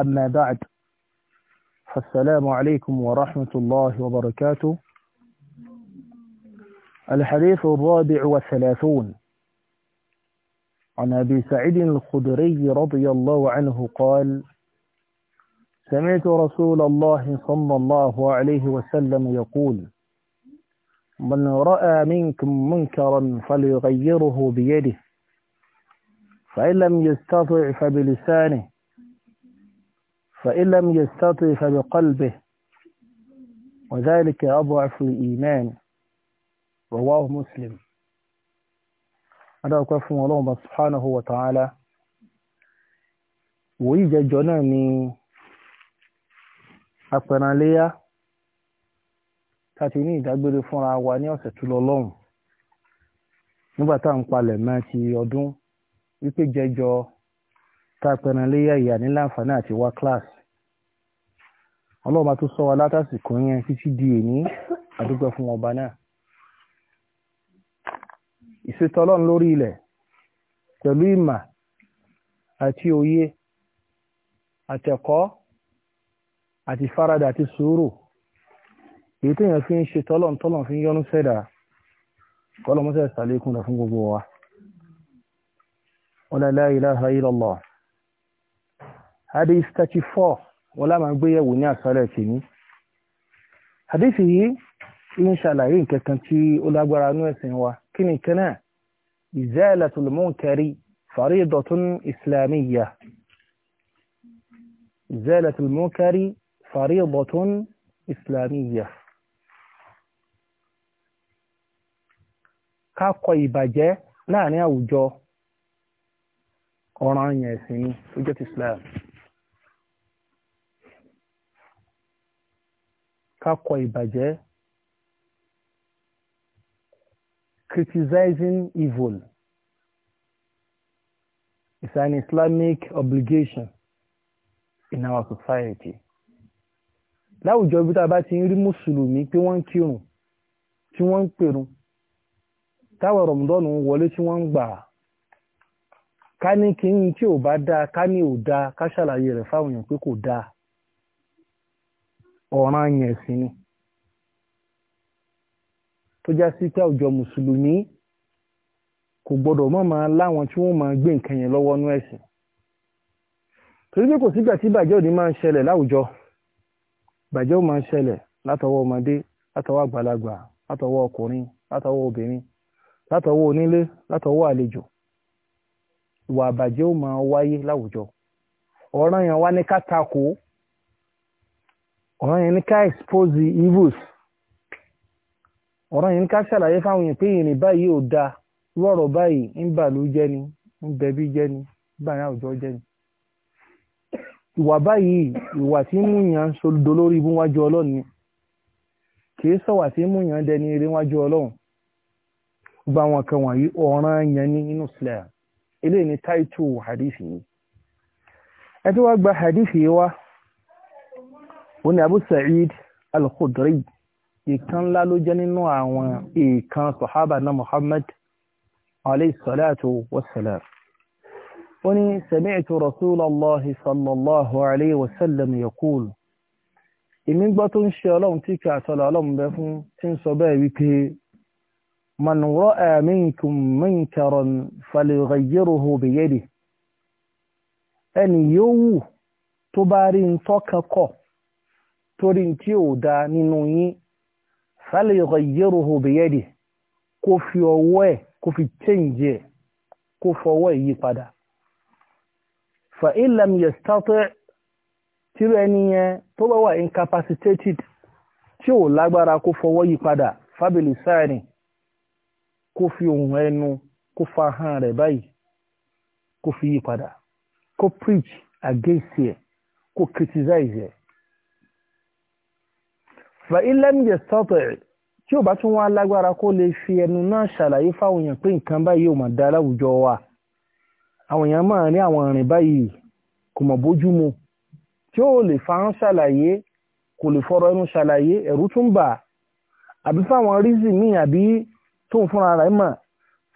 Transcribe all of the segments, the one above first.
أما بعد فالسلام عليكم ورحمة الله وبركاته الحديث الرابع والثلاثون عن أبي سعيد الخدري رضي الله عنه قال سمعت رسول الله صلى الله عليه وسلم يقول من رأى منكم منكرا فليغيره بيده فإن لم يستطع فبلسانه فإن لم يستطع فبقلبه وذلك أضعف الإيمان رواه مسلم هذا أقول الله سبحانه وتعالى ويجا náà ni apẹranléyá tàti ní ìdágbére fúnra wa ní ọ̀sẹ̀ tó lọ lọ́hùn nígbà tá à ń palẹ̀ mọ́ ti ọdún wípé jẹjọ tápẹran léyà ìyà ní láǹfààní àti wá kíláàsì ọlọ́ọ̀bá tó sọ wa látàsìkò yẹn títí di èní àdúgbò fún ọba náà ìṣètò ọlọ́run lórí ilẹ̀ pẹ̀lú ìmà àti òye àtẹ̀kọ́ àti farada àti sùúrù èyí tó yẹn fi ń ṣe tọ́lọ̀n tọ́lọ̀n fi ń yọ́nú sẹ́dà kọ́lọ̀mọ́sẹ̀ sàlékún rẹ̀ fún gbogbo wa wala la ilaha illallah hadith 34 wọ́n láàmà gbéyẹ̀wò ní àsálẹ̀ tì ní hadith yìí ń ṣàlàyé nǹkankan tí ó lágbára ní ẹ̀sìn wa kí ni kan náà izalatul munkari faridatun islamiyya izalatul munkari faridatun islamiyya ká kọ ìbàjẹ́ láàrin àwùjọ ọ̀ràn ẹ̀sìn ni ó ti islam kakọ ìbàjẹ́ criticizing evil is an Islamic obligation in our society láwùjọ bí tá a bá ti ń rí mùsùlùmí pé wọ́n ń kírun tí wọ́n ń pèrun táwọn rọ̀mùdọ́nù ń wọlé tí wọ́n ń gbà á ká ní kí n tí ò bá dáa ká ní ò dáa ká ṣàlàyé rẹ̀ fáwọn èèyàn pé kò dáa ọ̀ràn yẹn sí ni tó já sí pé àwùjọ mùsùlùmí kò gbọdọ̀ má máa láwọn tí wọ́n máa gbé nǹkan yẹn lọ́wọ́ nú ẹ̀sìn torí pé kò sígbà tí ìbàjẹ́ òní máa ń ṣẹlẹ̀ láwùjọ ìbàjẹ́ ò máa ń ṣẹlẹ̀ látọwọ́ ọmọdé látọwọ́ àgbàlagbà látọwọ́ ọkùnrin látọwọ́ obìnrin látọwọ́ onílé látọwọ́ àlejò ìwà ọ̀rọ̀ yẹn ní ká expose evils ọ̀rọ̀ yẹn ní ká ṣàlàyé fáwọn èèyàn pé ìrìn báyìí ò dáa lọ́rọ̀ báyìí ń bà ló jẹ́ ni ń bẹ̀bí jẹ́ ni báyìí àwùjọ jẹ́ ni. ìwà báyìí ìwà tí mú yàn sódò ibú wájú ọlọ́run ni kì í sọ̀wà tí mú yàn dẹni eré wájú ọlọ́run gba àwọn kan wọ̀nyí ọ̀ràn yẹn ní ó ní Abu Sa'id al-Khudri ìkan ńlá ló jẹ́ nínú àwọn ìkan sọ̀hábà náà Muhammad alayhi salatu wassalam ó ní sami'tu rasulallahi sallallahu alayhi wasallam yaqul ìmí gbọ́ tó ń ṣe ọlọ́run tí kí àtọ́lọ̀ ọlọ́run bẹ fún tí ń sọ bẹ́ẹ̀ wípé man ra'a minkum munkaran falyughayyirhu biyadihi ẹni yóò wù tó bá rí ń tọ́ka torí tí ò da nínú yín falyughayyiruhu biyadihi kó fi ọwọ́ ẹ̀ kó fi change kó fọwọ́ ẹ̀ yí padà fa in lam yastati' tíró ẹni yẹn tó bá wà incapacitated tí ò lágbára kó fọwọ́ yí padà fabilisani kó fi ohun ẹnu kó fa hàn rẹ̀ báyìí kó fi yí padà kó preach against ẹ̀ kó criticize ẹ̀ fa ilẹ̀m yẹ sọ́tọ̀ tí ò bá tún wá lágbára kó lè fi ẹnu náà ṣàlàyé fáwọn èèyàn pé nǹkan báyìí ò mà dá láwùjọ wa àwọn èèyàn máa ní àwọn ìrìn báyìí kò mọ̀ bójú mu tí ó lè fa ń ṣàlàyé kò lè fọ̀rọ̀ ẹnu ṣàlàyé ẹ̀rú tún bà àbí fáwọn rízì míì àbí tó ń fúnra rẹ̀ mọ̀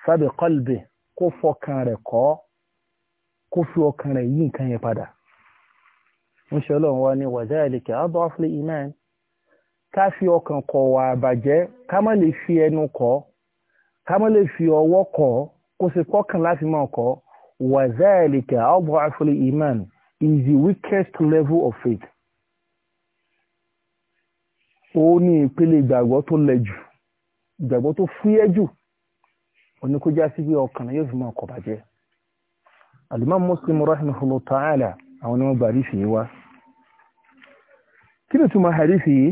sábẹ̀ kọ́lìbì kó fọkàn rẹ̀ kọ́ kó fi ọkàn rẹ̀ yí nǹkan yẹn padà ń ṣe ọlọ́run wa ní wàjá ìlẹ̀kẹ̀ adọ́flẹ̀ iman ká fi ọkàn kọ̀ wà àbàjẹ́ ká má lè fi ẹnu kọ̀ ká má lè fi ọwọ́ kọ̀ kó sì pọ́kàn láti máa kọ̀ wa zalika ad'afu iman is the weakest level of faith. ó ní ìpele ìgbàgbọ́ tó lẹ jù ìgbàgbọ́ tó fúyẹ́ jù òní kó já sí pé ọkàn yóò fi máa kọ̀ bàjẹ́. al-imam Muslim rahimahullah ta'ala àwọn ni wọ́n gbà rí fi wá. kí ni túmọ̀ hàrí yìí?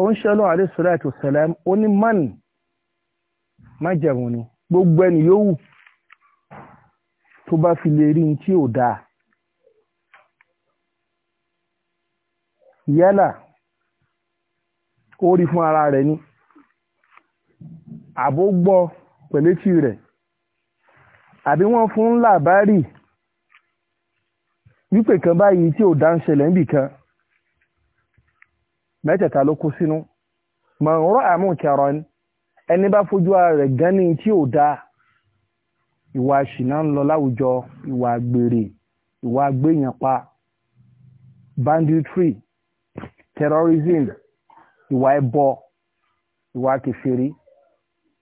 ó ń ṣọ́lọ́ àdéṣọ́láàtò sẹ̀lẹ̀m ó ní mọ́nì májẹ̀mú ni gbogbo ẹni yòówù tó bá fi lè rí tí ò dáa yálà ó rí fún ara rẹ̀ ni àbó gbọ́ pẹ̀lẹ́tì rẹ̀ àbí wọ́n fún làbárì wípé kan báyìí tí ò dá ń ṣẹlẹ̀ níbì mẹ́tẹ̀ẹ̀ta ló kó sínú man ra'a munkaran ẹni bá fojú ara rẹ̀ gan ní tí ò dáa ìwà ṣìnà ń lọ láwùjọ ìwà àgbèrè ìwà àgbéyànpa banditry terrorism ìwà ẹbọ ìwà kẹfẹ́rí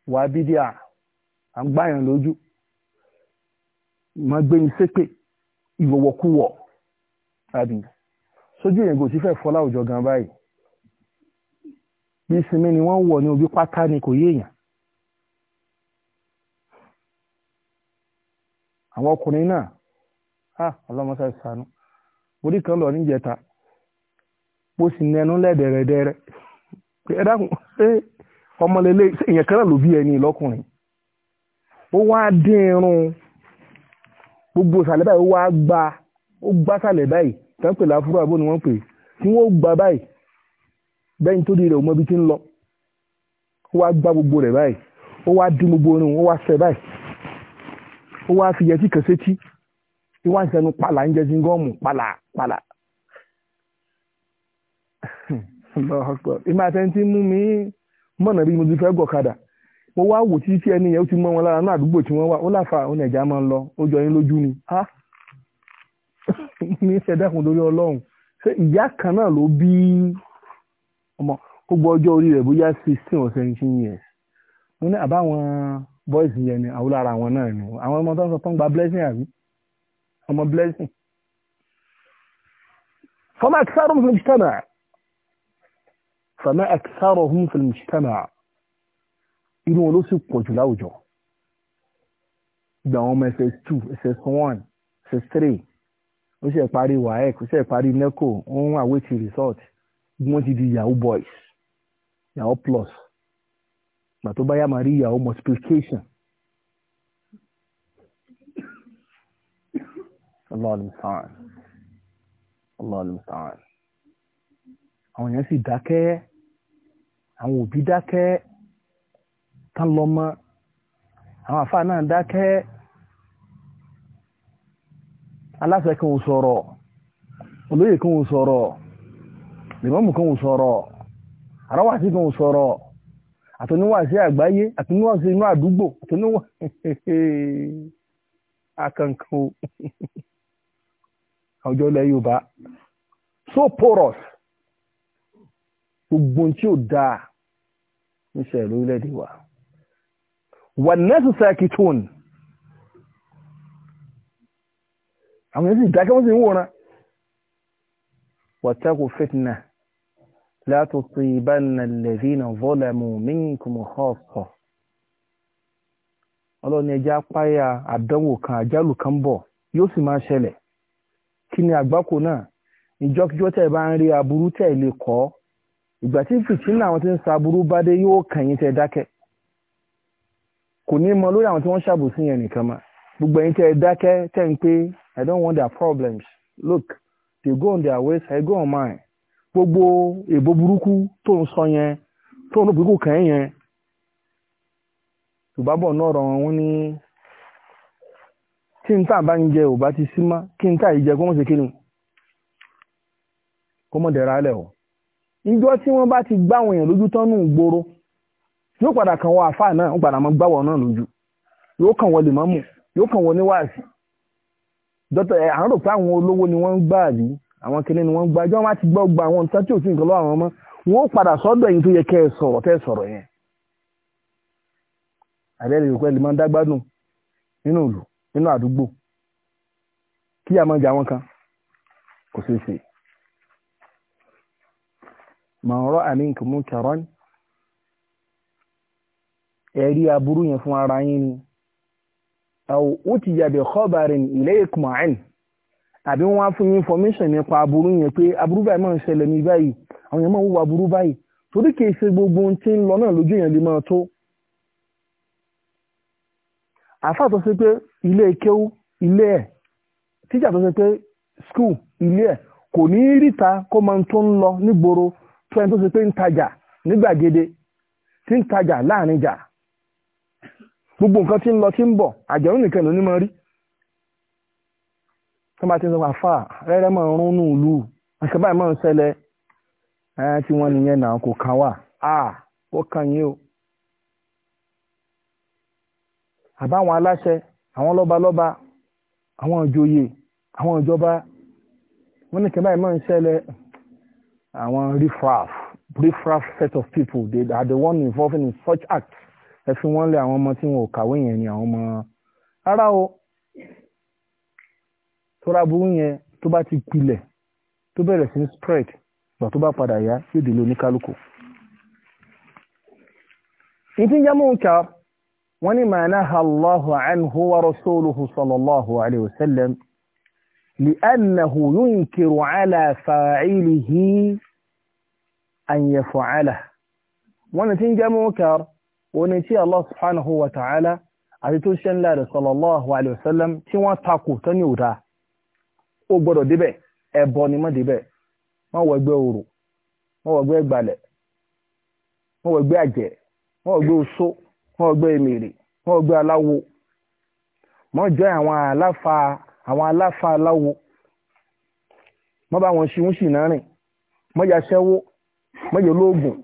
ìwà bídíà à ń gbáyàn lójú máa gbẹ̀yìn sépè ìwọ̀wọ̀kúwọ̀ sojú yẹn kò sí fẹ́ fọ́ láwùjọ gan báyìí bí sinmi ni wọ́n wọ̀ ní ojú pátá ni kò yéèyàn àwọn ọkùnrin náà ah ọlọ́mọsá ìsànú orí kan lọ níjẹta bó sì nẹnu lẹ́dẹ̀rẹ̀dẹ̀rẹ̀ ẹ dákun ṣé ọmọlélé èèyàn kan náà ló bí ẹni lọ́kùnrin ó wá dín irun gbogbo ìsàlẹ̀ báyìí ó wá gba ó gbá sàlẹ̀ báyìí tán pè láfúrò wọ́n pè tí wọ́n gbà báyìí tó nítorí rẹ̀ ò tí ń lọ ó wá gbá gbogbo rẹ̀ báyìí ó wá dín gbogbo orin ó wá fẹ́ báyìí ó wá fi yẹtí kan sétí ìwà ìsẹ́nu pàlà ń jẹ zingọ́ọ̀mù pàlà pàlà. ìmọ̀ mú mi mọ̀nà bí mo ti fẹ́ gọ̀kadà mo wá wò tí ẹni yẹn ó ti mọ wọn lára náà àdúgbò tí wọ́n wà ó láfa ẹ̀já máa ń lọ ó jọ yín lójú ni ní ọmọ gbogbo ọjọ́ orí rẹ̀ bóyá sixteen or seventeen years mo ní àbáwọn boys yẹn ni àwọn lára àwọn náà ni àwọn ọmọ tó ń sọ fún gba blessing àbí ọmọ blessing. فما أكثرهم في المجتمع فما أكثرهم في المجتمع inú wọn ló sì pọ̀ jù láwùjọ ìgbà àwọn ọmọ ss2 ss1 ss3 ó sì parí waec ó sì parí neco ó ń await result wọ́n ti di yahoo boys yahoo plus gbà tó bá yá máa rí yahoo multiplication Allah al-musta'an Allah al-musta'an àwọn èèyàn sì dákẹ́ àwọn òbí dákẹ́ tán lọ́mọ àwọn àfáà náà dákẹ́ aláṣẹ kan ò sọ̀rọ̀ olóyè kan ò sọ̀rọ̀ lèmọ́mù kan ò sọ̀rọ̀ àrọ́wàsí kan ò sọ̀rọ̀ àtọ́níwàsí àgbáyé àtọ́níwàsí inú àdúgbò àtọ́níwà akankan àwùjọ ilẹ̀ Yorùbá so porous gbogbo tí ò dáa ń ṣẹlẹ̀ lórílẹ̀-èdè wa wà nẹ́sù sakitone àwọn èsì ìdákẹ́ sì ń wòran wàtẹ́kù fitna la tusibanna alladhina zalamu minkum khassa ọlọ́ni ẹja páyà àdánwò kan àjálù kan bọ̀ yóò sì máa ṣẹlẹ̀ kí ni àgbákò náà ìjọkíjọ́ tẹ̀ bá ń rí aburú tẹ̀ lè kọ́ ìgbà tí fìtínà àwọn tí ń sa aburú bá dé yóò kàn yín tẹ́ dákẹ́ kò ní mọ lórí àwọn tí wọ́n ṣàbòsí yẹn nìkan mọ́ gbogbo yín tẹ́ dákẹ́ tẹ́ ń pé i don't want their problems look they go on their ways i go on mine gbogbo èbó burúkú tó ń sọ yẹn tó ń kàn yẹn ìbábọ̀ náà rọ̀ wọ́n ní n tà bá ń jẹ ti sí kí n tà yìí jẹ kó mọ̀ sí kíni kó mọ̀ dẹ̀ra alẹ̀ o ìjọ tí wọ́n bá ti gbá lójú yóò padà kàn wọ àfáà náà ó padà náà lójú yóò kàn wọ lèmọ́mù yóò kàn wọ níwáàsì ẹ̀ àwọn kìnìún ni wọ́n gba ẹjọ́ wọn ti gbọ́ gba àwọn nǹkan tí ò sí nǹkan lọ́wọ́ àwọn ọmọ wọn ó padà sọ́dọ̀ ẹ̀yin tó yẹ kẹ́ ẹ sọ̀rọ̀ tẹ́ ẹ sọ̀rọ̀ yẹn. àbẹ́rẹ́ ìròkọ́ ẹ̀ lè máa ń dágbádùn nínú ìlú nínú àdúgbò kí a máa jẹ àwọn kan kò ṣeé ṣe. màá rọ àmì nǹkan mú kẹrọ ni ẹ̀rí aburú yẹn fún ara yín ni. àwọn ó ti yàbẹ̀ khabarin ilaykum 'anhu àbí wọ́n á fún yín information nípa aburú yẹn pé aburú báyìí máa ń ṣẹlẹ̀ ní báyìí àwọn yẹn máa ń wúwo aburú báyìí torí kìí ṣe gbogbo ohun tí ń lọ náà lójú yẹn lè máa tó. àáfàá tó ṣe pé ilé kéwú ilé ẹ̀ tíjà tó ṣe pé school ilé ẹ̀ kò ní ríta kó máa tó ń lọ nígboro tó ẹni tó ṣe pé ń tajà nígbàgede tí ń tajà láàrin jà gbogbo nǹkan tí ń lọ tí ń bọ̀ àjẹrú nìkan ló ní máa rí tó bá ti sọ wà fà rẹ́rẹ́ mọ̀ rún nù lù àṣẹ báyìí mọ̀ ń ṣẹlẹ̀ ẹ̀ tí wọ́n nìyẹn náà kò kàn wà á ó kàn yín o. àbáwọn aláṣẹ àwọn lọ́balọ́ba àwọn ìjòyè àwọn ìjọba wọ́n ní kí báyìí ń ṣẹlẹ̀ àwọn riffraff riffraff set of people they are the one involved in such acts ẹ fi wọ́n lé àwọn ọmọ tí wọn ò kàwé yẹn ni àwọn ọmọ rárá o tọ́ra burú yẹn tó bá ti pilẹ̀ tó bẹ̀rẹ̀ sí spread gbà tó bá padà yá yóò dé lóní kálukú. ìdíyàmú ìkà wọ́n ní màá náà anhu wa rasuluhu sallallahu alayhi wa sallam لأنه ينكر على فاعله أن يفعله wọ́n tí ń jẹ́ mọ́kàr oní tí Allah subhanahu wa ta'ala àti tó ṣe ńlá rẹ̀ sallallahu alaihi wasallam tí wọ́n takò tó ní òdá ó gbọ́dọ̀ débẹ̀ ẹbọ ni má débẹ̀ má wọ ẹgbẹ́ òrò má wọ ẹgbẹ́ ìgbàlẹ̀ má wọ ẹgbẹ́ àjẹ́ má wọ ẹgbẹ́ oṣó má wọ ẹgbẹ́ èmèrè má wọ ẹgbẹ́ aláwo má jọ àwọn aláfa àwọn aláfa aláwo má bá wọn ṣe ń ṣì náà rìn má yà ṣẹ́wó má yà olóògùn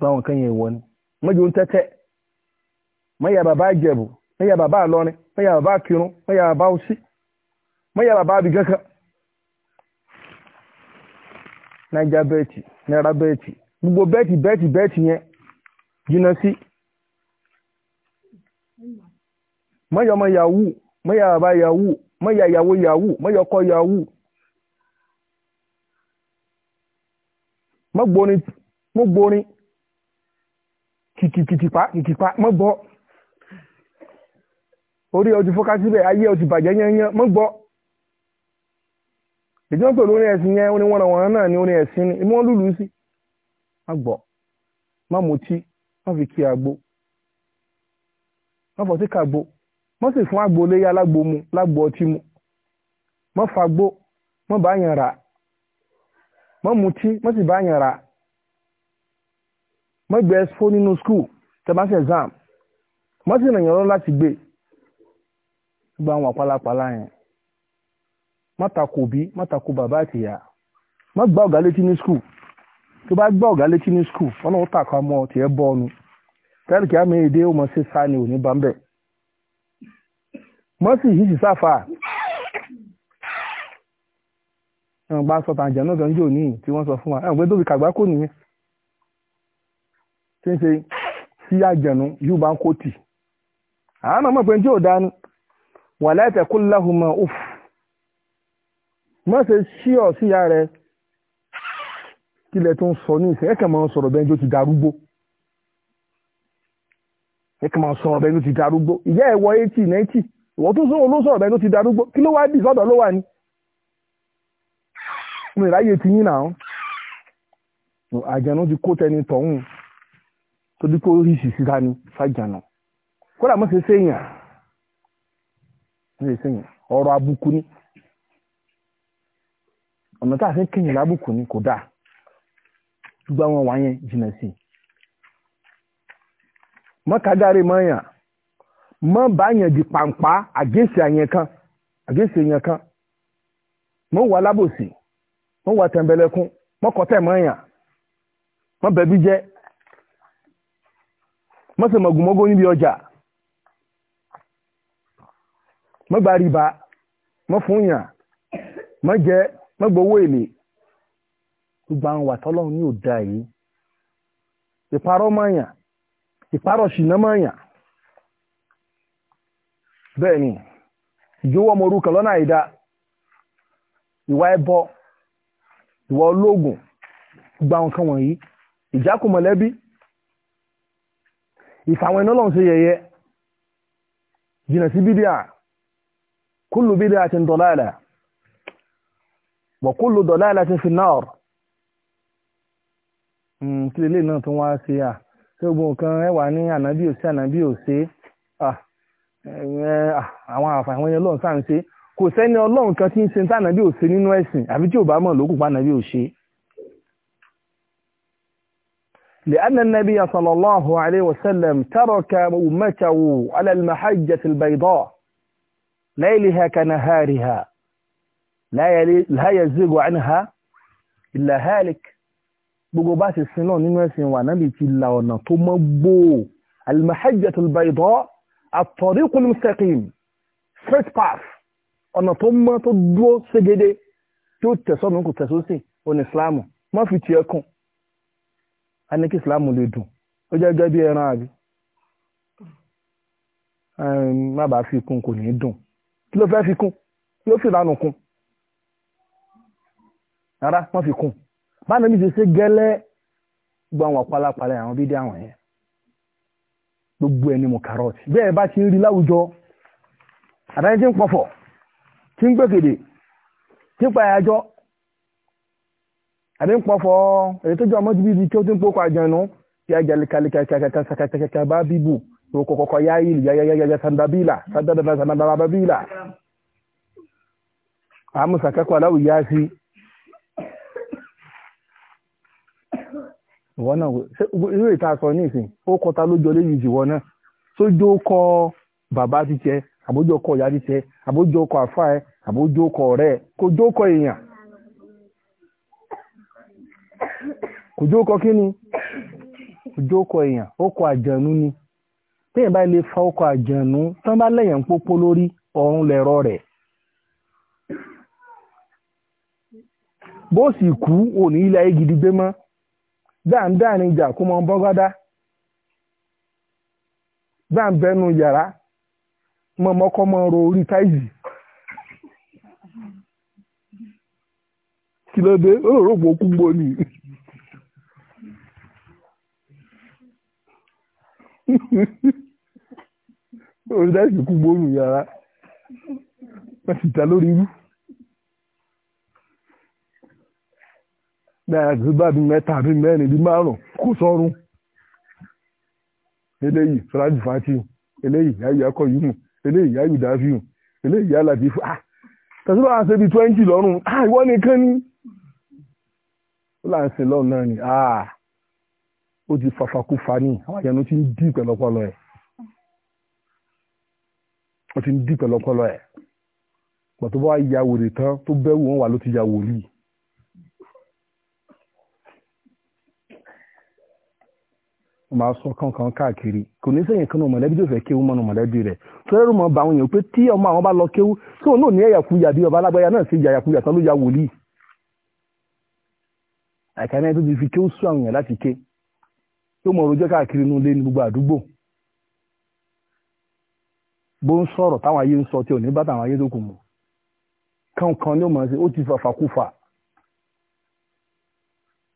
báwọn kan yẹn wọ ni má jọ ń tẹ́tẹ́ má yà bàbá àjẹ̀bù má yà bàbá àlọrin má yà bàbá àkírun má yà bàbá òsì mọ́yàrá bá bí kankan naija bẹ́ẹ̀tì naira bẹ́ẹ̀tì gbogbo bẹ́ẹ̀tì bẹ́ẹ̀tì bẹ́ẹ̀tì yẹn jìnnà sí mọ́yà ọmọ yahoo mọ́yà bàbá yahoo mọ́yà ìyàwó yahoo mọ́yà ọkọ yahoo mọ́gbórin mọ́gbórin kìkìkìkìpá kìkìpá mọ́gbọ́ orí ọtí fọ́ká síbẹ̀ ayé ọtí bàjẹ́ yẹn yẹn mọ́gbọ́ ìjọ pẹ̀lú orin ẹ̀sìn yẹn orin wọn àwọn náà ni orin ẹ̀sìn ni ìmọ̀ lùlù sí àgbọ̀ má mutí má fi kí àgbo má fọtí kàgbo má sì fún àgbo léyà alágbo mu lágbo ọtí mu má fagbó má bá yàn rà má mutí má sì bá yàn rà má gbé ẹsfó nínú skul tẹmásẹ exam má sì ràn yàn lọ láti gbé gbogbo àwọn àpálapàla yẹn má tako bí má tako bàbá àti ìyá má gbá ọ̀gá létí ní skul tó bá gbá ọ̀gá létí ní skul wọn náà ó tako ọmọ tiẹ̀ bọ́ ọnu tẹ́lẹ̀ kí á mi èdè ó mọ sí ni òní bá ń bẹ̀ mọ́ sì yìí sì sáfà ẹ̀wọ̀n bá sọ tàǹjà náà tọ́jú òní tí wọ́n sọ fún wa ẹ̀wọ̀n pé tóbi kàgbá kò nìyẹn tí ń ṣe sí àjẹ̀nu yóò bá ń kó tì àwọn ọmọ pé tí ò dání wà láìpẹ́ kó má ṣe ṣí ọ̀ síyá rẹ kílẹ̀ tó ń sọ ní ìsìn ẹ̀kẹ́ máa ń sọ̀rọ̀ bẹ́ẹ̀ ló ti darúgbó ẹ̀kẹ́ máa ń sọ̀rọ̀ bẹ́ẹ̀ ló ti darúgbó ìyá ẹ̀ wọ eighty ninety ìwọ́n tó sọ̀rọ̀ ló sọ̀rọ̀ bẹ́ẹ̀ ló ti darúgbó kí ló wá dì sọ́dọ̀ ló wà ní. mo ìráyè ti yín náà àjànú ti kó tẹni tọ̀hún tó dí kó rí ìṣìṣì ta ni fàjànà kódà mo ṣe séèyàn ọ̀rọ̀ àbùkù ni ọ̀nà tá a fi ń kíyìn lábùkù ni kò dáa gbogbo àwọn wà yẹn jìnnà sí i mọ́kágáre mọ́yàn mọ́ báyàn di pàǹpá àgéṣe àyẹn kan àgéṣe yẹn kan mọ́ wà lábòsí mọ́ wà tẹ̀m̀bẹ̀lẹ̀kún mọ́ kọ́tẹ̀ mọ́yàn mọ́ bẹ̀bí jẹ́ mọ́ sọ mọ̀gùnmọ́gún níbi ọjà mọ́ gba rìbá mọ́ fún yàn mọ́ jẹ́ mọ́gbọ́wó èlé gbogbo àwọn wà tọ́lọ́run ní òdà yìí ìparọ́ mọ́yàn ìparọ́ ṣìnà mọ́yàn bẹ́ẹ̀ ni ìjówọ́ ọmọ orúkọ lọ́nà àìdá ìwà ẹbọ ìwà ológun gbogbo àwọn kan wọ̀nyí ìjákù mọ̀lẹ́bí ìfàwọn ẹ̀nà ọlọ́run ṣe yẹyẹ jìnà sí bídíà kúlù bídíà ti ń dọ̀láàlà wọ̀kúlù dọ̀lá láti fi hmm, náà kí lélẹ̀ náà tó wá sí à tí gbogbo nǹkan ẹwà ní ànábì òsí ànábì òsí àwọn àfàwọn ẹni ọlọ́run sáà ń ṣe kò sẹ́ni ọlọ́run kan tí ń ṣe tànàbí òsí nínú ẹ̀sìn àbí tí ò bá mọ̀ lókùn pànàbí òsí. لأن النبي صلى الله عليه وسلم ترك أمته على المحجة البيضاء ليلها كنهارها la yazigu anha illa halik gbogbo bá ti sin náà nínú ẹ̀sìn wà náà bí ti la ọ̀nà tó mọ́ gbòó al-mahajjatul bayda at-tariqul mustaqim straight path ọ̀nà tó mọ́ tó dúró ségede tí ó tẹ̀sọ́nù kò tẹ̀sọ́ sí òní islamu má fi tiẹ̀ kún a ní kí islamu lè dùn ó jẹ́ gẹ́gẹ́ bí ẹran àbí má bàa fi kún kò ní dùn kí ló fẹ́ fi kún kí ló fi lánàá kún rárá wọ́n fi kún bá nàbí ṣe ṣe gẹ́lẹ́ gbọ́ àwọn pálapàla àwọn bídé àwọn yẹn gbogbo ẹni mọ̀ kárọ̀tì bẹ́ẹ̀ bá ti ń rí láwùjọ àdáyé tí ń pọ̀fọ̀ tí ń gbèkèdè tí ń pàyàjọ́ àdé ń pọ̀fọ̀ èyí tó jẹ́ ọmọ ti bíbi tí ó ti ń pokò àjànú tí a jẹ́lẹ̀ kàlẹ́kàkàkàkàkà bá bíbù tó kọ̀kọ̀kọ̀ yá ìlú yáyáyáyá sandabila sandabila sandabila àmúṣàkẹ́kọ̀ọ́ aláwùjá sí ìwọ náà irú ìta sọ ní ìsìn ó kọta lójú ọlẹ́yìn ìjìwọ náà sójú kọ bàbá ti tiẹ àbójú ọkọ ìyá ti tiẹ àbójú ọkọ àfa ẹ àbójú ọkọ ọ̀rẹ́ ẹ kò jó kọ èèyàn kò jó kọ kí ni kò jó kọ èèyàn ó kọ àjànú ni téèyàn bá lè fa ọkọ àjànú tán bá lẹ́yìn pópó lórí ọ̀run lẹ̀rọ rẹ̀ bó sì kú òní ilé ayé gidi gbé mọ́ dáadáa ni ìjà kó mọ bọ́gádá dáńbẹ́nu yàrá mọ mọ ro orí táìsì kí ló dé ó rògbò ni. orí táìsì kúgbó nù yàrá wọ́n sì ta gbàgbà bíi mẹ́ta bíi mẹ́rin bíi márùn kú sọ́run eléyìí sọ́lájú fati eléyìí yáyù akọ yìí mù eléyìí yáyù dáfíù eléyìí yálà ti fà ah, á tẹ̀sí bá wà ṣe bíi twenty lọ́rùn á ah, ìwọ nìkan ni ó là ń sin lọ́run náà ni ah, ó ti fàfakúfa ní àwọn àyànnú ti ń dì pẹ̀lọpọlọ ẹ̀ ó ti ń dì pẹ̀lọpọlọ ẹ̀ pọ̀ tó bá ya wòlé tán tó bẹ́wò wọn wà ló ti ya wòlíì máa sọ kankan káàkiri kò ní sẹ́yìn kanú mọ̀lẹ́bí tó fẹ́ kéwú mọ́nu mọ̀lẹ́bí rẹ̀ tọ́lẹ́rù mọ́ bá àwọn èèyàn pé tí ọmọ àwọn bá lọ kéwú tí òun náà ní ẹ̀yàkúyà bí ọba alágbáyà náà sí ẹ̀yàkúyà tán ló ya wòlíì àìkàní ẹni tó ti fi kéwú sún àwọn èèyàn láti ké tó mọ̀ rojọ́ káàkiri inú ilé ní gbogbo àdúgbò bó ń sọ̀rọ̀ táwọn ayé ń sọ tí ò ní bá táwọn ayé tó kù mọ̀ kankan ni ó mọ̀ ó ti fàfàkúfà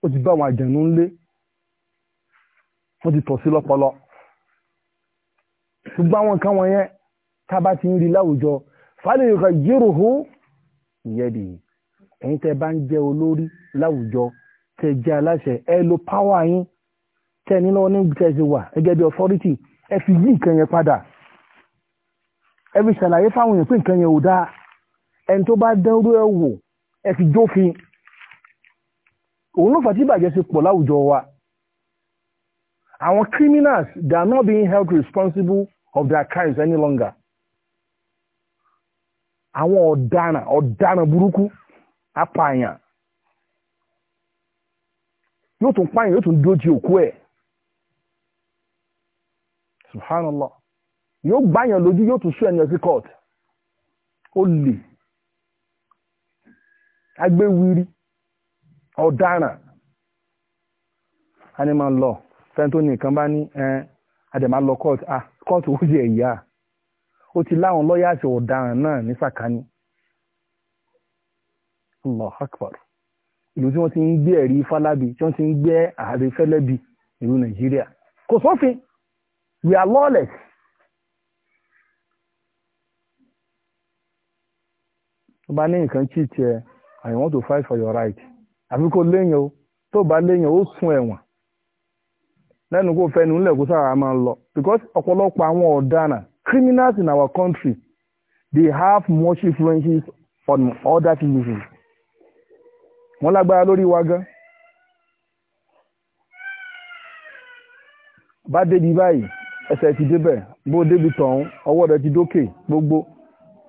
ó ti bá àwọn àjẹ̀nú ńlé wọ́n ti tọ̀ sí lọ́pọlọ ṣùgbọ́n àwọn nǹkan wọ̀nyẹn tá bá ti ń rí láwùjọ fàálẹ̀ yóò yẹ́rò hó ìyẹ́dì ẹ̀yin tẹ́ bá ń jẹ́ olórí láwùjọ tẹ́ jẹ́ aláṣẹ ẹ lo power yín tẹ́ ní lọ́wọ́ ní tẹ́sí wà gẹ́gẹ́ bí authority ẹ fi yí nǹkan yẹn padà ẹ fi ṣàlàyé fáwọn èèyàn pé nǹkan yẹn ò dáa ẹni tó bá dẹ́rú ẹ wò ẹ fi jófin òun ló fà tí ìbàjẹ́ ṣe pọ̀ láwùjọ wa Our criminals, they are not being held responsible of their crimes any longer. Àwọn ọ̀daràn ọ̀daràn burúkú apààyàn yóò tún pààyàn yóò tún dójú òkú ẹ̀. Subhanallah. Yóò gbàyàn lójú yóò tún sún ẹni ọsí court. Ó lè. Agbéwiri ọ̀daràn animal law. fẹ́ntó ní nǹkan bá ní àdèmá lọ kóòtù à kóòtù ó yẹ ìyá ó ti láwọn lọ́yàsì ọ̀daràn náà ní sàkání allah akbar ìlú tí wọ́n ti ń gbé ẹ̀rí fálábì tí wọ́n ti ń gbé ààrẹ fẹ́lẹ́bì ìlú nàìjíríà kò sófin we are lawless. tó bá ní nǹkan cheat ẹ i want to fight for your right àfi kó léyìn o tó bá léyìn o ó sun ẹ̀wọ̀n lẹ́nu fẹ́nu ńlẹ̀ kó sára máa ń lọ because ọ̀pọ̀lọpọ̀ àwọn ọ̀daràn criminals in our country dey have much influences on other people wọ́n lágbára lórí wa gan. bá débi báyìí ẹsẹ̀ ti débẹ̀ bó débi tọ̀hún ọwọ́ rẹ̀ ti dókè gbogbo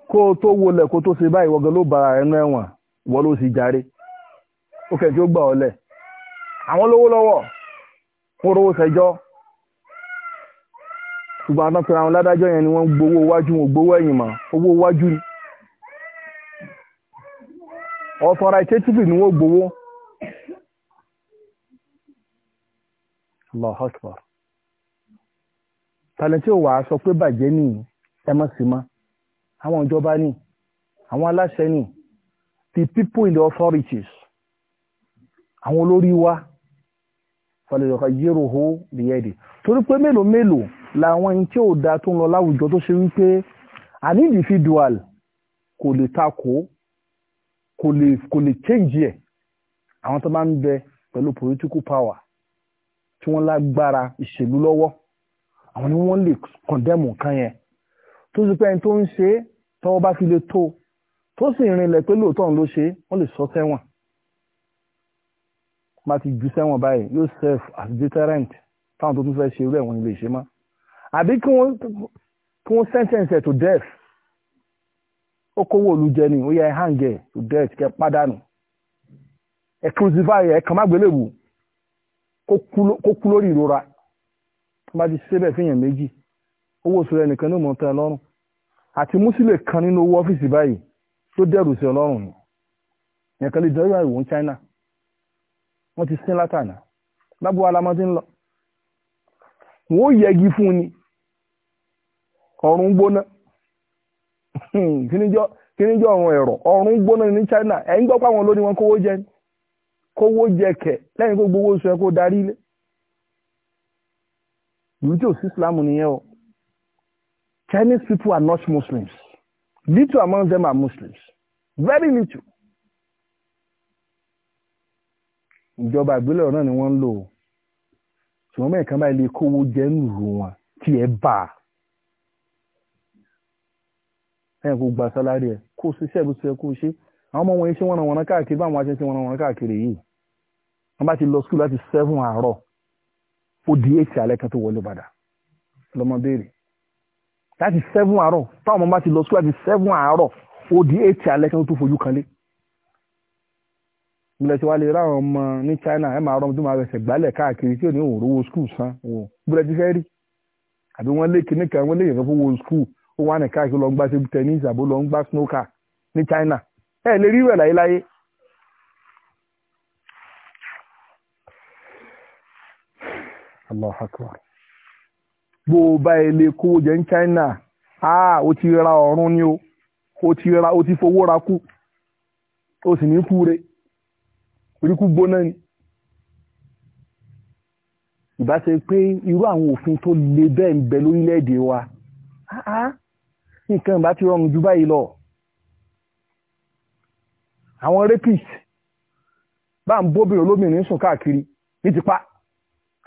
kó o tó wọlé kó o tó ṣe báyìí bara ẹnu ẹ̀wọ̀n wọ́n ló sì járe ó kẹ̀ tí ó gbà wọ́n sẹjọ́ ṣùgbọ́n àtàn àwọn aládájọ́ yẹn ni wọ́n gbowó wájú wọn gbowó ẹ̀yìn mọ́ owó wájú ni authoritative ni wọ́n gbowó allah akbar tàlẹ́ tí ó wà á sọ pé bàjẹ́ nìyí ẹ má sì má àwọn ìjọba ni àwọn aláṣẹ ni the people in the authorities àwọn olórí wa fọlẹ̀lọ́kọ̀ yẹ́rọ̀hó bìyẹ́dì torí pé mélòó mélòó làwọn ẹni tí ò da tó ń lọ láwùjọ tó ṣe wípé an individual kò lè takò kò lè kò lè change ẹ̀ àwọn tó máa ń bẹ pẹ̀lú political power tí wọ́n lágbára ìṣèlú lọ́wọ́ àwọn ni wọ́n lè condemn nǹkan yẹn tó sì pé ẹni tó ń ṣe tọ́wọ́ bá fi lè tó tó sì rinlẹ̀ pé lóòótọ́ ló ṣe wọ́n lè sọ sẹ́wọ̀n má ti ju sẹ́wọ̀n báyìí yóò serve as deterrent táwọn tó tún fẹ́ ṣe irú ẹ̀wọ̀n ilé ìṣe mọ́ àbí kí wọ́n sentence to death ó kówó òlu jẹ ni ó yẹ hang ẹ̀ to death kẹ́ pàdánù ẹ̀ crucify ẹ̀ kàn má gbélébù kó kú lórí ìrora tó bá ti ṣe bẹ́ẹ̀ fihàn méjì owó oṣù rẹ̀ nìkan ní mọ̀ tán lọ́rùn àti músílẹ̀ kan nínú owó ọ́fíìsì báyìí tó dẹ̀rù sí ọlọ́run nìkan lè dẹ́rù àìwò ní China wọ́n ti sín látànà lábú alamọ́ ti ń lọ wọ́n yẹgi fún ni ọ̀run gbóná hmm, kíníjọ́ ọ̀run ẹ̀rọ ọ̀run gbóná ní China ẹ̀ ń gbọ́ pàwọn olóni wọn kówó jẹ kówó jẹ kẹ̀ lẹ́yìn kó gbowó oṣù ẹ̀ kó darí ilé ìlú tí ò sí Islam nìyẹn o Chinese people are not Muslims little among them are Muslims very little ìjọba ìgbélẹ̀ náà ni wọ́n ń lò ó ṣùgbọ́n bẹ́ẹ̀ kan báyìí lè kówó jẹ́ nùrù wọn tí ẹ bà á ẹ̀yìn kò gba sálárì ẹ̀ kó ṣiṣẹ́ ibi tó yẹ kó ṣe àwọn ọmọ wọn iṣẹ́ wọn náà wọn káàkiri báwọn aṣẹ́ ṣe wọn náà wọn káàkiri yìí wọ́n bá ti lọ skul láti seven àárọ̀ ó di eight alẹ́ kan tó wọlé padà lọ́mọ béèrè láti seven àárọ̀ táwọn ọmọ bá ti lọ skul láti seven àárọ̀ ó di eight alẹ́ kan tó fojú kan lé gbọ́dọ̀ tí wàá lè ráwọn ọmọ ní China ẹ̀ máa rọ́ ọmọdé máa fẹsẹ̀ gbálẹ̀ káàkiri tí ò ní òun rówó skul san wò gbọ́dọ̀ tí fẹ́ rí àbí wọ́n lé kinní kan wọ́n lé yẹ̀fẹ́ fowó skul ó wà ní káàkiri lọ ń gbá table tennis àbó lọ ń gbá snooker ní China ẹ̀ lè rí rẹ̀ láyé láyé Allah akbar. Bó o bá ilé kówó jẹ ní China, ah, o ti ra ọ̀run ni o, o ti o ti fowó ra kú, o sì ní kú re oríkú gbóná ni ìbá ṣe pé irú àwọn òfin tó le bẹ́ẹ̀ ń bẹ lórílẹ̀-èdè wa nǹkan ìbá ti rọrùn jù báyìí lọ àwọn rapist bá ń bóbìnrin olómìnirin sùn káàkiri ní tipa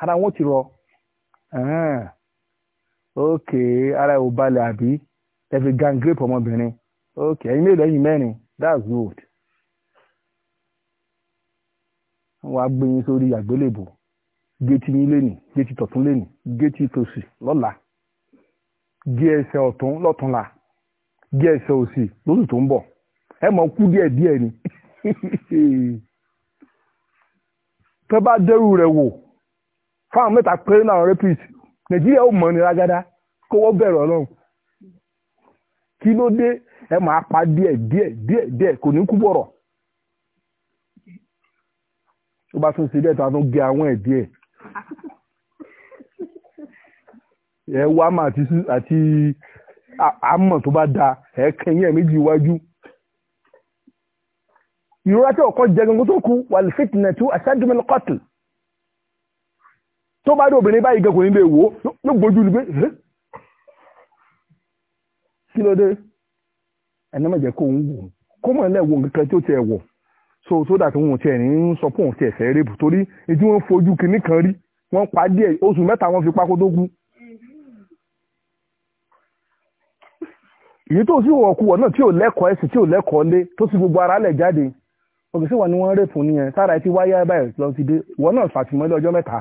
ara wọn ti rọ ok ara ò balẹ̀ àbí ẹ fi gangrape ọmọbìnrin ok ẹ̀yin mélòó ẹ̀yin mẹ́rin that's good wọ́n á gbé yín sórí àgbélébò géètì yín lẹ́nì géètì tọ̀tún lẹ́nì géètì tòsì lọ́la gé ẹsẹ̀ ọ̀tún lọ́túnla gé ẹsẹ̀ òsì lóṣù tó ń bọ̀ ẹ mọ̀ kú díẹ̀ díẹ̀ ni tẹ́ bá dẹ́rù rẹ̀ wò fáwọn mẹ́ta péré náà repeat nàìjíríà ó mọ̀ ní rágádá kó wọ́n bẹ̀rẹ̀ ọlọ́run kí ló dé ẹ máa pa díẹ̀ díẹ̀ díẹ̀ díẹ̀ kò ní kú bọ̀rọ̀ tó bá tún ṣe bẹ́ẹ̀ tó a tún gé àwọn ẹ̀ díẹ̀ ẹ wá mà àti àmọ̀ tó bá da ẹ kẹyìn ẹ̀ méjì iwájú ìrora tí ọkọ jẹ gangan tó kú wà lè fìtìnà tó aṣáájúmọ́lẹ̀ kọ́tù tó bá dé obìnrin báyìí gan kò ní lè wò ó ló gbójú ni pé kí ló dé ẹ̀ náà má jẹ́ kó ń wò kó mọ̀ ẹ́ lẹ́wọ̀ nǹkan tó ti wọ̀ so so that wọn ò tiẹ̀ ní sọ pé òun tiẹ̀ fẹ́ rèébù torí ìdí wọn fojú kinní kan rí wọn pa díẹ̀ oṣù mẹ́ta wọn fi pákó tó kú. èyí tó sì wọ̀ kú wọ̀ náà tí ò lẹ́kọ̀ọ́ ẹ̀sìn tí ò lẹ́kọ̀ọ́ lé tó sì gbogbo ara lẹ̀ jáde òkè sí wọn ni wọ́n rèébù nìyẹn sára ẹ ti wáyé báyìí lọ ti dé wọn náà fàtìmọ́lé ọjọ́ mẹ́ta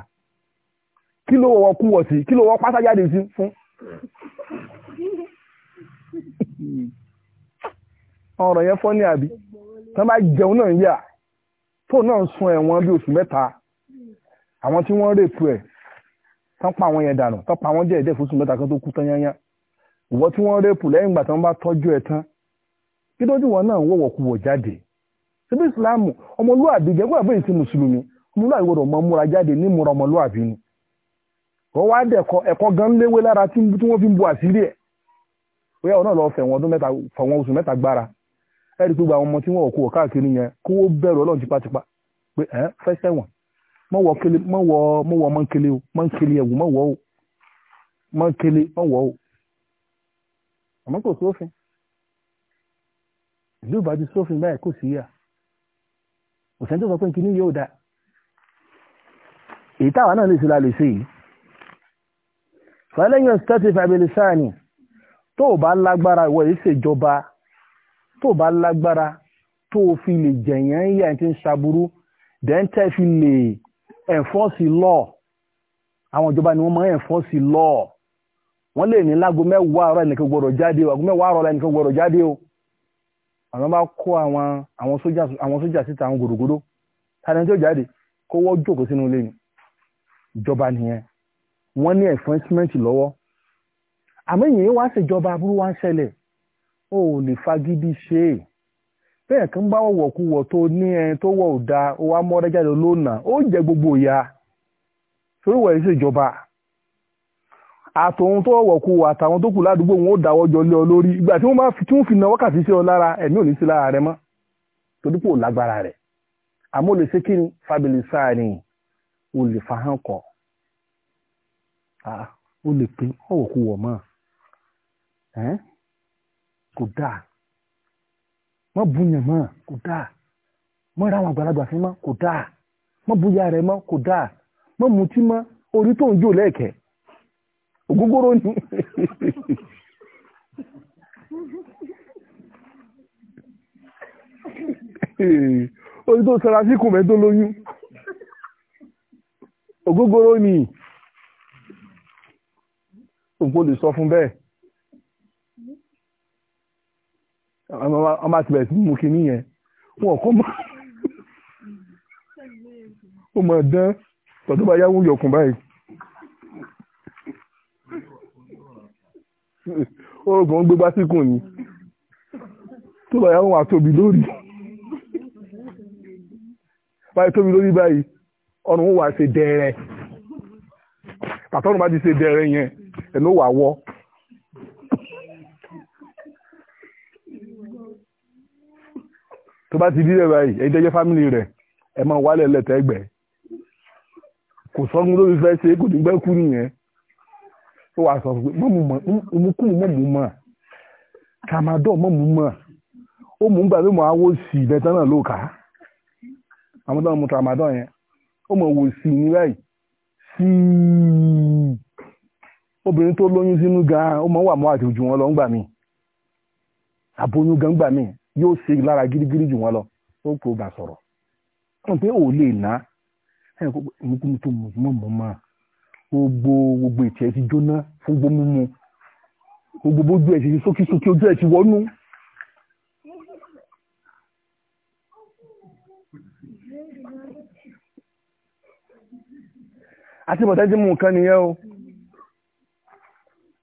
kí ló wọ̀ kú wọ̀ sí kí ló wọ́ pátá jáde sí fún. ọ̀rọ̀ tán bá jẹun náà yà tóun náà sun ẹ̀wọ̀n bí oṣù mẹ́ta àwọn tí wọ́n rèpù ẹ̀ tán pa àwọn yẹn dànù tán pa àwọn jẹ́ ẹ̀dẹ́ fún oṣù mẹ́ta kan tó kú tán yányá ìwọ tí wọ́n rèpù lẹ́yìn ìgbà tí wọ́n bá tọ́jú ẹ̀ tán kí ló dé wọn náà ń wọ̀wọ̀ kú wọ̀ jáde síbí ìsìláàmù ọmọlúwàbí jẹ́ gbọ́dọ̀ bẹ́ẹ̀ ti mùsùlùmí ọmọlúwàbí gbọ́dọ̀ mọ múra jáde ní múra ọmọlúwàbí ni wọ́n wá dẹ̀kọ́ ẹ̀kọ́ gan léwé lára tí wọ́n fi ń bu àṣírí ẹ̀ bóyá ọ̀nà lọ fẹ̀wọ̀n ọdún mẹ́ta fọ̀wọ́n oṣù mẹ́ta gbára ẹ̀rí pé àwọn ọmọ tí wọ́n kó wọ káàkiri yẹn kó wọ́n bẹ̀rù ọlọ́run tipátipá pé ẹ̀ fẹ́ sẹ́wọ̀n mọ̀wọ́ kele mọ̀wọ́ mọ̀wọ́ mọ̀nkele o mọ̀nkele ẹ̀wù mọ̀wọ́ o mọ̀nkele mọ̀wọ́ o àmọ́ kò sófin ìlú ìbàdí sófin báyìí kò sí yà òsèǹtì sọ pé nkíní yóò dá èyí táwa náà lè ṣe la lè ṣe yìí fàlẹ́yìn ọ̀sítẹ́tì fàbílísáàni tó o bá lágbára ìwọ yìí ṣèjọba tó bá lágbára tó fi lè jẹ̀yàn ń yà tí ń ṣaburú dẹ́ńtẹ́ fi lè ẹ̀fọ́sì lọ àwọn ìjọba ni wọ́n máa ń ẹ̀fọ́sì lọ wọ́n lè ní lágo mẹ́wàá àárọ̀ ẹnìkan gbọ́dọ̀ jáde o àgọ́ mẹ́wàá àárọ̀ ẹnìkan gbọ́dọ̀ jáde o àwọn bá kó àwọn sójà síta àwọn gòdògòdò tani tí jáde kó wọ́n jókòó sínú ilé ni ìjọba nìyẹn wọ́n ní ẹ̀fọ́símẹ́ǹtì lọ́wọ́ àmọ́ ìyẹn wá ṣèjọba aburú wá ń ṣẹlẹ̀ o ò lè fagídí ṣe é bẹ́ẹ̀ kan bá wọ̀wọ̀ kú wọ̀ tó ní ẹni tó wọ̀ ò da o wá mọ́ra jáde lónà ó jẹ gbogbo ìyá torí wọ̀ èso ìjọba àtòun tó wọ̀wọ̀ kú wọ̀ àtàwọn tó kù ládùúgbò wọn ó dáwọ́ jọ lé ọ lórí ìgbà tí wọ́n bá fi tí wọ́n fi wákàtí sí ọ lára ẹ̀mí ò ní sí lára rẹ mọ́ torí pé lágbára rẹ̀ àmọ́ lè ṣe kí ni fábìlì sáà ò lè fa hàn kọ́ ó lè pín ọ̀wọ̀ wọ̀ mọ́ kò dáa mọ́ bùyàn mọ́ kò dáa mọ́ ra àwọn àgbàlagbà sí mọ́ kò dáa mọ́ bùyà rẹ̀ mọ́ kò dáa mọ́ mutí mọ́ orí tó ń jò lẹ́ẹ̀kẹ́ ògógóró ni orí tó sara sí kùmẹ́ tó lóyún ògógóró ni ògbó lè sọ fún bẹ́ẹ̀. wọ́n bá ti bẹ̀rẹ̀ sí mú kinní yẹn wọ́n kọ́ mọ́ ó mọ̀ dán tọ́tọ́ bá yáwó yọkùn báyìí. oògùn gbé gbásíkùn ni tó bá yáwó wà tóbi lórí báyìí tóbi lórí báyìí ọrùn wà ṣe dẹ̀rẹ̀ pàtọ́rùn bá ti ṣe dẹ̀rẹ̀ yẹn ẹ̀ ló wà wọ́. tó bá ti rí rẹ̀ báyìí ẹ̀yin tẹ́jẹ́ fámìlì rẹ̀ ẹ máa wálẹ̀ lẹ́tẹ̀ẹ́gbẹ́ kò sọ́gun lórí fẹ́ ṣe kò ní gbẹ́ kú nìyẹn ó wàá sọ pé mọ̀mùkùn mọ̀mù mọ̀ tramadol mọ̀mù mọ̀ ó mú gbà pé mọ̀ á wò sí ìbẹ́tán náà ló kà á àwọn tó ń mu tramadol yẹn ó mọ̀ wò sí ní báyìí sí obìnrin tó lóyún sínú gan-an ó mọ̀ wà mọ́ àti ojú wọn lọ ń gbà mí àbóyún gan gbà mí yóò ṣe lára gírígírí jù wọ́n lọ ó kó bá sọ̀rọ̀ wọ́n pé ò lè ná ẹ̀kọ́ tó mọ̀ mọ̀ mọ̀ gbogbo gbogbo ètò ẹ̀ ti jóná fún gbogbo mímu gbogbo ojú ẹ̀ ti ṣe sókísókí ojú ẹ̀ ti wọ́nú. àti bọ̀tẹ́ tí mú nǹkan nìyẹn o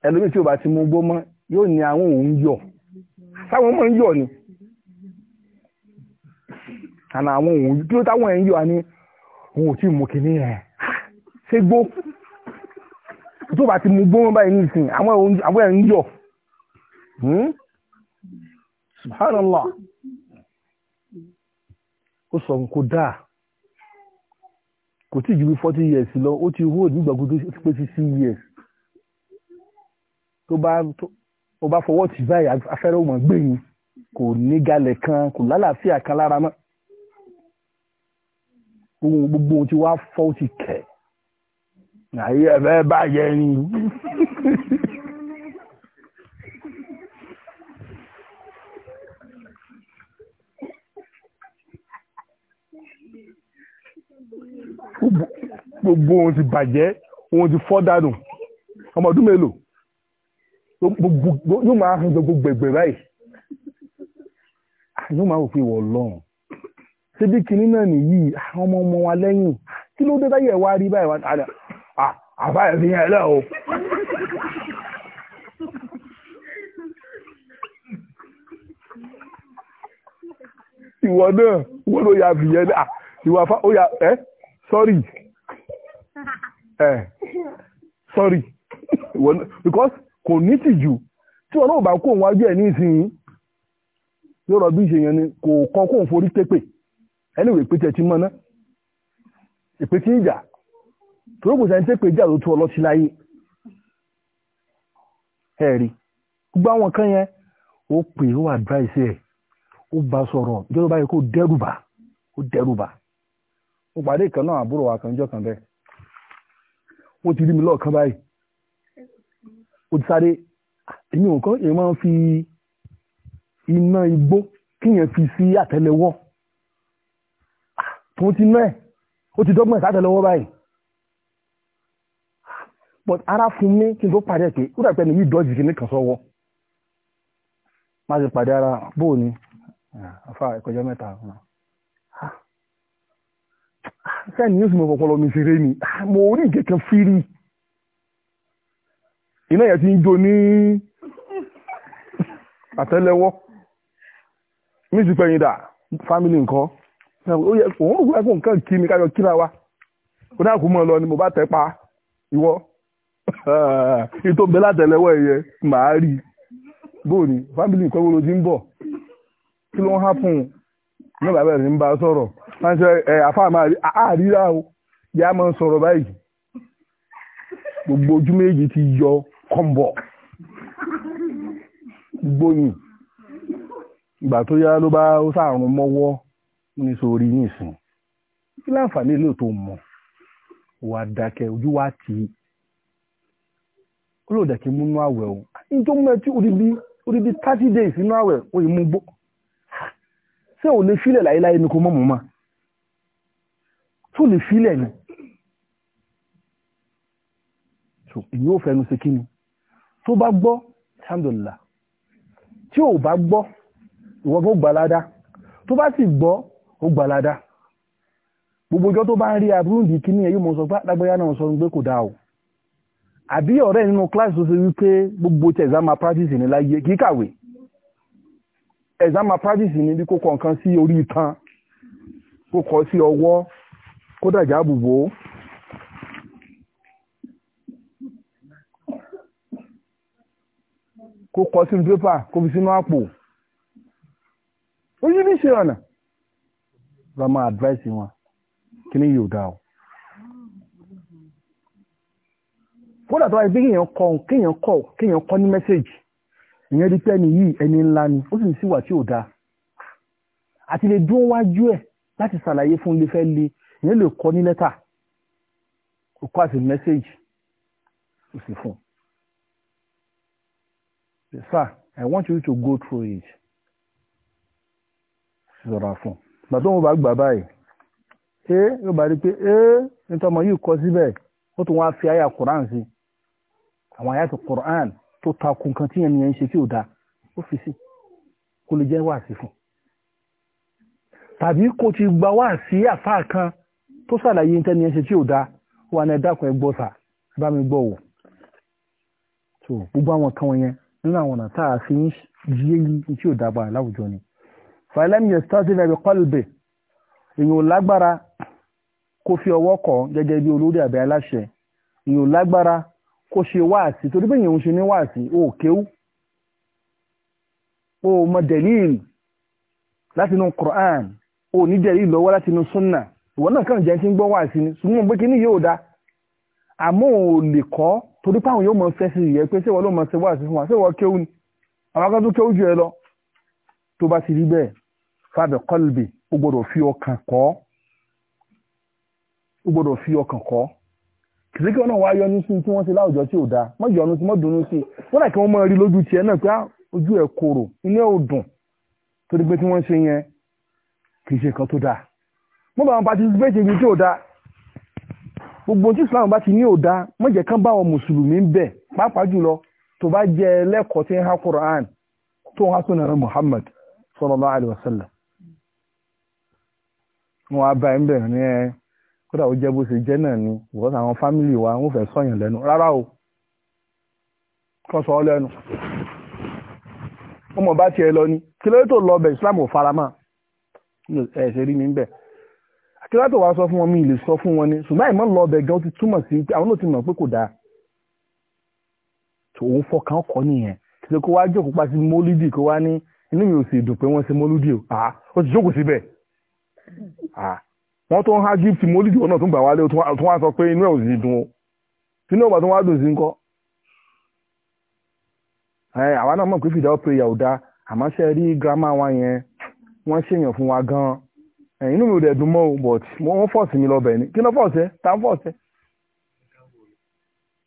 ẹlòmíì tí ò bá ti mú gbó mọ́ yóò ní àwọn òun yọ̀ sáwọn ọmọ ń yọ̀ ni àná àwọn òun dúró táwọn ẹ̀ ń yọ àní òun ò tí ì mú kinní ẹ̀ ṣé gbó tó bá ti mú gbó wọn báyìí nìsín àwọn ẹ̀ ń yọ hmm? subhanallah ó sọ kò dáa kò tí ju bí forty years lọ ó ti hold nígbàgbọ́ tó ti pé sixty years tó bá tó bá fọwọ́ tì báyìí afẹ́rẹ́ ò mọ̀ gbẹ̀yìn kò ní galẹ̀ kan kò lálàáfíà kan lára mọ́ gbogbo ohun tí wàá fọ́ ó ti kẹ̀ àyè ẹ̀fẹ́ bàjẹ́ ni. gbogbo ohun ti bàjẹ́ ohun ti fọ́ dànù ọmọ ọdún mélòó yóò máa ń gbogbo gbẹ̀gbẹ̀ báyìí ah, yóò máa wò pé ìwọ ọlọ́run ṣé kinní náà nìyí àwọn ọmọ ọmọ wa lẹ́yìn kí ló dé táyẹ̀ wá rí báyìí wá àdá àbáyọ̀ fi yẹn lẹ́ o. ìwọ náà wọ́n ló ya fi náà ìwà fa ó ya ẹ́ sọ́rí ẹ̀ sọ́rí because kò ní tìjú tí wọn náà bá kó òun wájú ẹ̀ ní ìsinyìí yóò rọ bí ìṣèyàn ni kò kọ́ kóun forí tépè ẹni wò ìpè tí ẹ ti mọ ná ìpè tí ń jà torí kò sẹ́ni tí pé jà ló tó ọlọ́tí láyé ẹ rí gbogbo àwọn kan yẹn ó pè ó advice ẹ ó bá sọ̀rọ̀ ìjọba báyìí kó dẹ́rù bà ó dẹ́rù bà ó pàdé ìkan àbúrò wa kan jọ kan bẹ́ẹ̀ ó ti rí mi lọ́ọ̀kan báyìí ó ti sáré èmi ò kọ́ èèyàn máa ń fi iná igbó kíyàn fi sí àtẹ́lẹwọ́ tó ti náà ó ti dọ́gbọ̀n ìsátẹ̀lọ́wọ́ báyìí but ara fún mi kí n tó pàdé pé ó dàpẹ́ nìyí dọ́jì kí ní kàn sọ́wọ́ má ti pàdé ara bóò ni àfa ìkọjọ́ mẹ́ta sẹ́ni yóò sì mọ̀ pọ̀pọ̀lọ́ mi ṣeré ni mo rí ìkẹ́kẹ́ fírí iná yẹn ti ń jó ní àtẹ́lẹwọ́ mí sì pẹ̀yìn dà fámìlì nǹkan òun rò pé ẹkùn kan kí mi káyọ kíra wa ó dáa kó lọ ni mo bá tẹ pa ìwọ ètò ìbẹ́ látẹ̀lẹ́wọ̀ ẹ̀yẹ màá rí i bóòní fámìlì ìkọ́wé ló ti ń bọ̀ kí ló ń há fún un ní bàbá rẹ̀ ń bá a sọ̀rọ̀ ránṣẹ́ ẹ̀ àfáàmà àríra o yá máa ń sọ̀rọ̀ báyìí gbogbo ojú méjì ti yọ kọ́ńbọ̀ gbóyìn ìgbà tó yá ló bá sàrùn mọ́wọ́ ní sórí nìsín kí láǹfààní ló tó mọ̀ wà dákẹ́ ojú wa tì í ó lò dẹ̀ kí àwẹ̀ o ní tó mú ẹ tí odidi odidi thirty days nínú àwẹ̀ ó yìí mú gbó ṣé ò lè filẹ̀ láyéláyé ni kò mọ̀ mọ́ ma tó lè filẹ̀ ni so èyí ò fẹnu sí kíni tó bá gbọ́ alhamdulillah tí ò bá gbọ́ ìwọ́gbọ́ gbalada tó bá sì gbọ́ ó gbalada gbogbo ọjọ́ tó bá ń rí abúrúndì kí ní ẹ̀yí mọ̀ sọ pé lágbáyá náà sọ pé kò dá o àbí ọ̀rẹ́ nínú kíláàsì tó ṣe wípé gbogbo ti exam practice ní láyé kì í kàwé exam practice ní bí kò kọ nǹkan sí orí itan kò sí ọwọ́ kó dàjà àbùbò kó sínú pépà kó fi sínú àpò oríṣiríṣi ọ̀nà bá máa advice wọn you ni yóò dá o. kódà tó wáyé pé kéèyàn kọ kéèyàn kọ kéèyàn kọ ní mẹ́sẹ̀gì ìyẹn rí pẹ́ni yìí ẹni ńlá ni ó sì ń síwà tí ò dáa àti lè dúró wájú ẹ̀ láti ṣàlàyé fún ilé fẹ́ le ìyẹn lè kọ ní lẹ́tà kò kọ́ àti mẹ́sẹ̀gì kò sì fún Sir, I want you to go through it. Ṣọ̀rọ̀ fún un gbà tó wọn bá gbà báyìí ṣé yóò bá rí pé ẹ nítorí yìí kọ síbẹ̀ ó tún wá fi àyà Quran sí àwọn àyà tó Quran tó takùn kan tí yẹn ń ṣe tí ò dáa ó fi sí kó lè jẹ́ wàásí fún tàbí kó ti gba wàásí àfáà kan tó ṣàlàyé tẹ́ni ẹ̀ ṣe tí ò dáa wà ní ẹ̀dàkùn ẹgbọ́sà bá mi gbọ́ wò gbogbo àwọn kan wọ̀nyẹn nínú àwọn ọ̀nà tá a fi ń yé tí ò dáa bá láwùjọ ni fàlẹ́mì yẹ̀stọ́sìn ẹ̀bí kọ́lùbì èyàn lágbára kó fi ọwọ́ kọ̀ gẹ́gẹ́ bí olórí àbẹ̀ aláṣẹ èyàn lágbára kó ṣe wáàsí torí bẹ́ẹ̀ yẹn ń ṣe ní wáàsí ó kéwú ó mọ dẹ̀líìl láti inú Qur'an ó ní dẹ̀líìl lọ́wọ́ láti inú súnà ìwọ náà kàn jẹ́ tí ń gbọ́ wáàsí ni ṣùgbọ́n pé kíní yóò da àmọ́ ò lè kọ́ torí páwọn yóò mọ fẹ́ sí ìyẹn pé ṣéwọ́ ló mọ ṣe wáàsí fún wa ṣéwọ́ kéwú ni àwọn akẹ́kọ̀ọ́ kéwú jù ẹ lọ tó bá ti rí bẹ́ẹ̀ fábẹ̀ kọ́lbì ugboro gbọ́dọ̀ fi ọkàn kọ́ ó gbọ́dọ̀ fi ọkàn kọ́ kìsìkì ọ̀nà wa yọnu sí tí wọ́n ṣe láwùjọ tí ò dáa mọ́ yọnu sí mọ́ dùnú sí wọ́n dà kí wọ́n máa rí lójú tiẹ̀ náà pé ah, ojú ẹ̀ korò inú ẹ̀ ò dùn torí pé tí ṣe yẹn participate ibi tí ò dáa gbogbo tí Islam bá ti ní ò dáa mọ́ jẹ́ kán bá wọn mùsùlùmí ń pàápàá jùlọ ha Quran tó ń ha sunnah Muhammad sallallahu wọ́n wá bá ẹ̀ ń bẹ̀rẹ̀ ní ẹ kódà ó jẹ́ bó ṣe jẹ́ náà ni because àwọn fámìlì wa wọ́n fẹ́ sọ̀yàn lẹ́nu rárá o kọ́ sọ ọ́ lẹ́nu ọmọ bá tiẹ̀ lọ ni kí ló tó lọ bẹ̀ Islam ò fara mọ́ ẹ̀ ṣe rí mi bẹ̀ kí ló tó wá sọ fún wọn mi lè sọ fún wọn ni ṣùgbọ́n àìmọ́ lọ bẹ̀ gan ti túmọ̀ sí pé àwọn náà ti mọ̀ pé kò dáa tòun fọkàn kọ nìyẹn kí ló kó wá jókòó pa sí mólídì kó wá ní inú mi ò sì dùn pé wọ́n ṣe mólídì o ó ti jókòó síbẹ̀ Ah. wọ́n tó ń há gift mólídì wọn náà tó ń gbà wálé tó wá sọ pé inú ẹ̀ ò sì dùn o tí náà bá tó wá dùn sí ńkọ́ àwa náà mọ̀ pé fìdáwọ́ prayer ò dáa àmọ́ ṣe rí grandma wa yẹn wọ́n ṣèyàn fún wa gan-an inú mi ò dẹ̀ dùn mọ́ o but wọ́n fọ́ọ̀sì mi lọ́bẹ̀ ni kí ló fọ́ọ̀sì ẹ ta ń fọ́ọ̀sì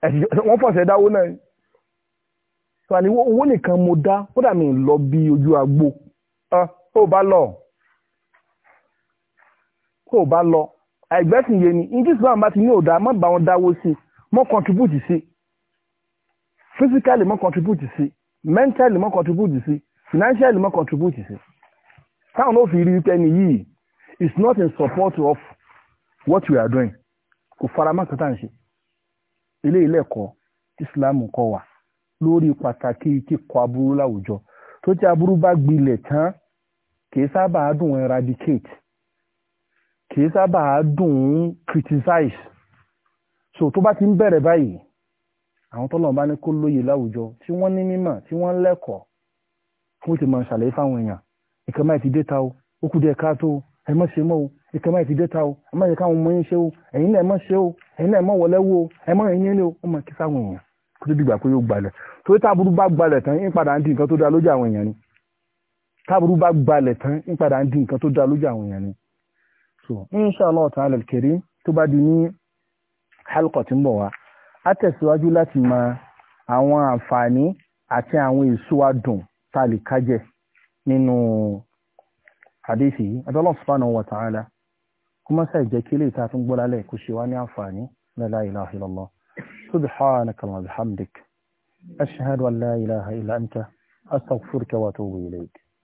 ẹ wọ́n fọ́ọ̀sì ẹ dáwó náà sọ àní owó nìkan mo dá kódà mi lọ bí ojú agbo ọ ó bá lọ kó o bá lọ àìgbẹ́sìn yé ni ní islam bá ti ní òdà mọ́ bá wọn dáwó sí mọ́ contribute sí physically mọ́ contribute sí mentally mọ́ contribute sí financially mọ́ contribute sí táwọn náà fi rí wípé ẹni yìí is not in support of what we are doing kò fara mọ́ kátà ń ṣe ilé ilé ẹ̀kọ́ islam kọ́ wa lórí pàtàkì kíkọ̀ aburú láwùjọ tó tí aburú bá gbilẹ̀ tán kì í sábà dùn eradicate kìí sábà dùn criticize so tó bá ti ń bẹ̀rẹ̀ báyìí àwọn tọ́lọ̀ bá ní kó lóye láwùjọ tí wọ́n ní mímọ̀ tí wọ́n lẹ́kọ̀ọ́ fún ti máa ṣàlàyé fáwọn èèyàn ìkànnì máa ti dé ta o ó kú díẹ̀ káàtó ẹ má ṣe mọ́ o ìkànnì máa ti dé ta o ẹ má yẹ káwọn ọmọ yín ṣe o ẹ̀yin náà ẹ má ṣe o ẹ̀yin náà ẹ má wọlé wo ẹ má yẹn nílé o ó máa kí sáwọn èèyàn kó tó dìgbà pé yóò gbalẹ̀ torí táàbùrú bá gbalẹ̀ tán ń padà ń di nǹkan tó dá lójú àwọn èèyàn ni táàbùrú bá gbalẹ̀ tán ń padà ń di nǹkan tó dá lójú àwọn èèyàn ni so inṣàlá ta'ala al-karim tó bá di ní halqa tí ń bọ̀ wá á tẹ̀síwájú láti mọ àwọn àǹfààní àti àwọn èso adùn tá a lè kájẹ nínú hadisi yìí adọ́lọ́ subhanahu wa ta'ala kó má ṣàì jẹ́ kí ilé ìta fún gbọ́lá lẹ̀ kó ṣe wá ní àǹfààní la ilaha illallah subhanaka wa bihamdik ashhadu an la ilaha illa anta astaghfiruka wa atubu ilayk